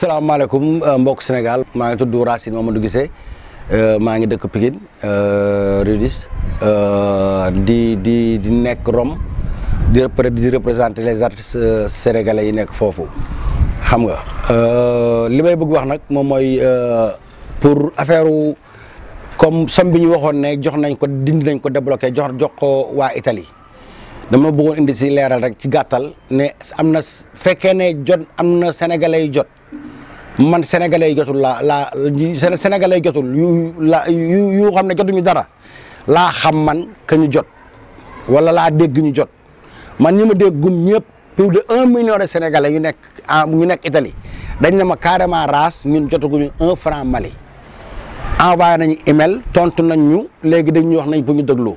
salaamaaleykum euh, mbokk Sénégal maa ngi tudd Racine Mamadou Guissé euh, maa ngi dëkk Pikine euh, Rudis di di di nekk Rome di di les artistes sénégalais yi nekk foofu xam nga li may bëgg wax nag moom mooy pour affaire comme somme bi ñu waxoon ne jox nañ ko dindi nañ ko débloqué jox jox ko waa Italie dama bëggoon indi si leeral rek ci gàttal ne am na fekkee ne jot am na sénégalais yi jot. man sénégalais yi jotul laa laa sénégalais jotul yu la yu yu xam ne jotuñu dara laa xam man kañu jot wala laa dégg ñu jot man ñu ma déggum ñëpp plus de un million de sénégalais yu nekk ah, ñu nekk Italie dañ ne ma carrément raas ñun jotaguñu un franc Mali envoyé nañu email tontu nañ ñu léegi dañ ñu wax nañ bu ñu dégloo.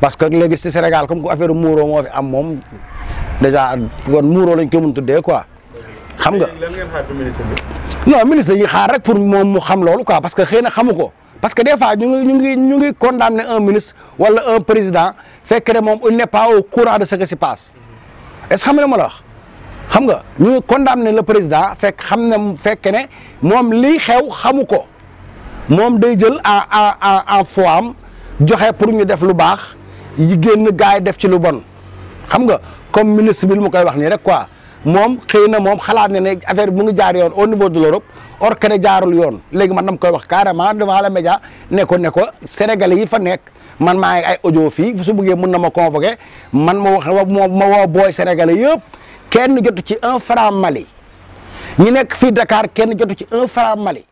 parce que léegi si Sénégal comme que affaire muuroo moo fi am moom déjà kon muuroo lañ ko mun tuddee quoi. xam nga lan ngeen xaar ministre non ministre yi xaar rek pour moom mu xam loolu quoi parce que xëy na xamu ko parce que des fois ñu ngi ñu ngi ñu ngi condamner un ministre wala un président fekk ne moom il n'est pas au courant de ce qui se passe est-ce que xam nga ma la wax. nga ngi condamner le président fekk xam ne fekk ne moom liy xew xamu ko moom day jël en en en en foam joxe pour ñu def lu baax. yi génn gars yi def ci lu bon xam nga comme ministre bi lu mu koy wax nii rek quoi moom xëy na moom xalaat na ne affaire bi mu ngi jaar yoon au niveau de l'Europe or que ne jaarul yoon léegi man dama koy wax carrément devant les médias ne ko ne ko yi fa nekk man maa ngi ay audio fii su bëggee mun na ma convoqué man ma wax ma woo booy sénégalais yëpp kenn jotu ci un franc Mali ñi nekk fii Dakar kenn jotu ci un franc Mali.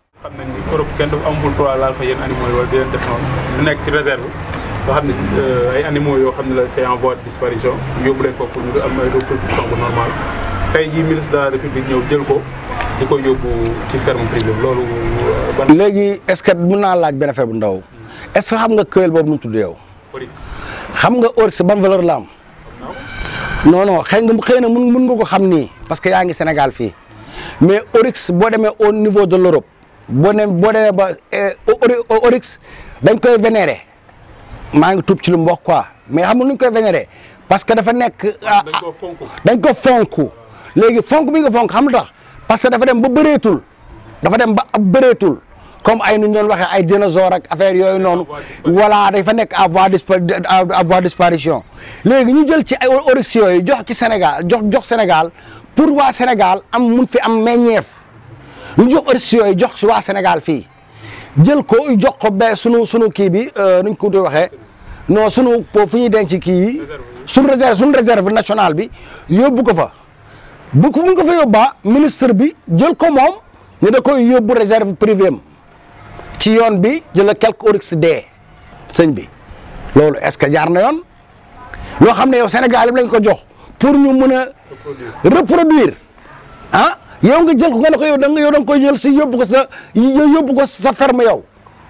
xam nga xam ne euh, ay animaux yoo xam ne la c'est en voie de disparition yóbbu leen ko bu normal jii ministre de jël ko di ko euh, est-ce que mën naa laaj benn bu ndaw est-ce que xam nga këyel boobu nu mu tudd yow. xam nga oryx bam valeur la am. non non xëy nga xëy na mën nga ko xam ni parce que yaa ngi Sénégal fii mais oryx boo demee au niveau de l'Europe boo nee boo demee ba eh, oryx dañ koy vénérer mangi ngi tuub ci lu mu quoi mais xam nga ñu koy vénéré parce que dafa nekk. Ah, dañ ko fonku. dañ ko fonk léegi fonk bi nga fonk xam tax parce que dafa dem ba bëreetul dafa dem ba ab bëreetul comme ay nu ñu doon waxee ay dinosaures ak affaire yooyu non. voilà dafa nekk à voie disparition léegi ñu jël ci ay oryx yooyu jox ci Sénégal jox jox Sénégal pour waa Sénégal am mun fi am meññeef ñu jox oryx yooyu jox ci waa Sénégal fi. jël ko jox ko ba sunu sunu kii bi euh, nuñ ko doon waxee. non sunu po fu ñuy denc kii yi suñ réserve suñ réserve nationale bi yóbbu ko fa bu ko ko fa yóbbaa ministre bi jël ko moom ñu da koy yóbbu réserve privée am ci yoon bi jëla quelque oryx de sëñ bi loolu est-ce que jaar na yoon loo xam ne yow Sénégal yi lañ ko jox ñu mën a reproduire ah yow nga jël ko nga ko yow da nga yow da nga koy jël si yóbbu ko sa yóbbu ko sa ferme yow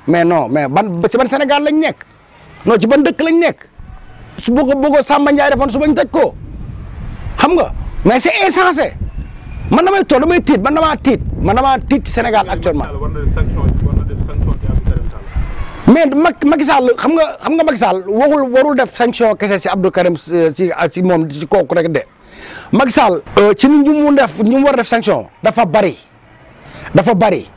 mais non mais ban ci ban Sénégal lañ nekk non ci ban dëkk lañ nekk su bëgg bëgg Samba Ndiaye defoon su bañ tëj ko xam nga mais c'est insensé man damay toog damay tiit man damaa tiit man damaa tiit ci Sénégal actuellement mais Macky Sall xam nga xam nga Macky Sall waxul warul def sanction kese si Abdou Karim si euh, si moom si kooku rek de Macky Sall euh, ci ni ñu mu def ñu mu war def sanction dafa bari dafa bari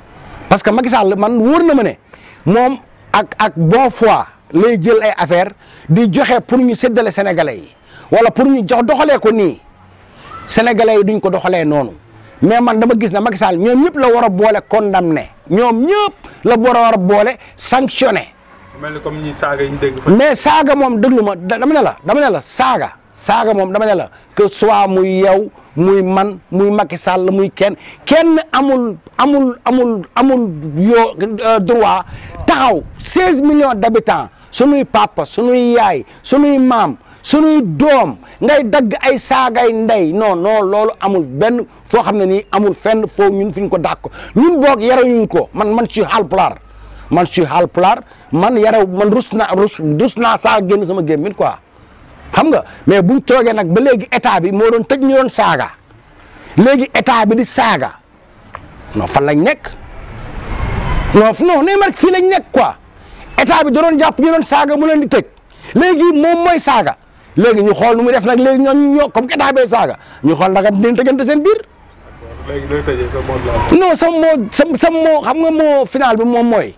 parce que Macky Sall man wóor na ma ne moom ak ak bon foi lay jël ay affaire di joxé pour ñu sédalé sénégalais yi wala pour ñu jox doxalé ko ni sénégalais yi duñ ko doxalé noonu mais man dama gis na Macky Sall ñoom ñëpp la wara bolé condamné ñom ñëpp la war a war sanctionné. mel comme ñi saaga ñu dégg mais saga mom déglu dama né la dama né la saga saga mom dama né la que soit muy yow muy man muy Macky Sall muy kenn kenn amul amul amul amul yoo euh, droit taxaw 16 millions d'habitants sunuy papa sunuy yaay sunuy maam sunuy doom ngay dagg ay saagay ndey non non loolu amul benn foo xam ne ni amul fenn foo ñun fi ñu ko dàq book boog yarewuñ ko man man ci Haalpulaar man ci Haalpulaar man yarew man rus na rus rus naa saa génn sama gémmiñ quoi xam nga mais buñ toogee nag ba léegi état bi moo doon tëj ñu doon saaga léegi état bi di saaga non fan la nekk non non nee ma fii lañ nekk quoi. état bi da doon jàpp ñu doon saaga mu leen di tëj léegi moom mooy saaga léegi ñu xool nu muy def nag léegi ñooñu ñoo comme que état bee saaga ñu xool nag dinañ tëggante seen biir. léegi nooy tëjee sa mot non sa mot sa sa mot nga mot final bi moom mooy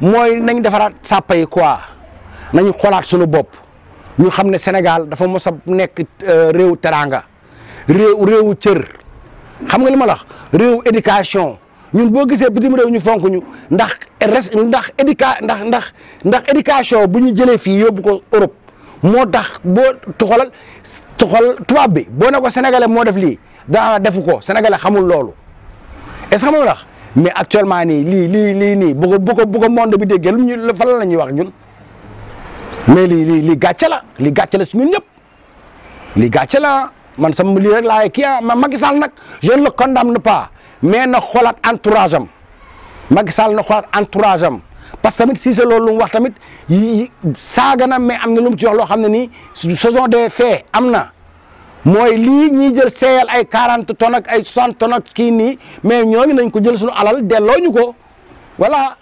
mooy nañ defaraat sàppa yi quoi nañu xoolaat sunu bopp ñu xam ne Sénégal dafa mos a nekk euh, réew teraanga réew réewu cër xam nga li ma la wax réewu éducation. ñun boo gisee bitim réew ñu fonk ñu ndax res ndax éduca ndax ndax ndax éducation bu ñu jëlee fii yóbbu ko Europe moo tax boo toxolal toxol tubaab bi boo ne ko sénégalais moo def lii daa defu ko sénégalais xamul loolu est ce que xamul ndax mais actuellement nii lii lii lii nii bu ko bu ko bu ko monde bi déggee ñu fan la wax ñun mais li lii lii gàcce la la la man sama lii rek laay kii ah ma Macky Sall je ne le condamne pas mais na xoolaat entourage am Macky Sall na xoolaat entourage am parce que tamit si c'est loolu lu wax tamit yi saaga na mais am na lu mu ci loo xam ne nii saison des faits am na mooy lii ñuy jël seeyal ay quarante tonnes ay soixante tonnes ak kii nii mais ñooñu nañ ko jël suñu alal delloo ñu ko voilà.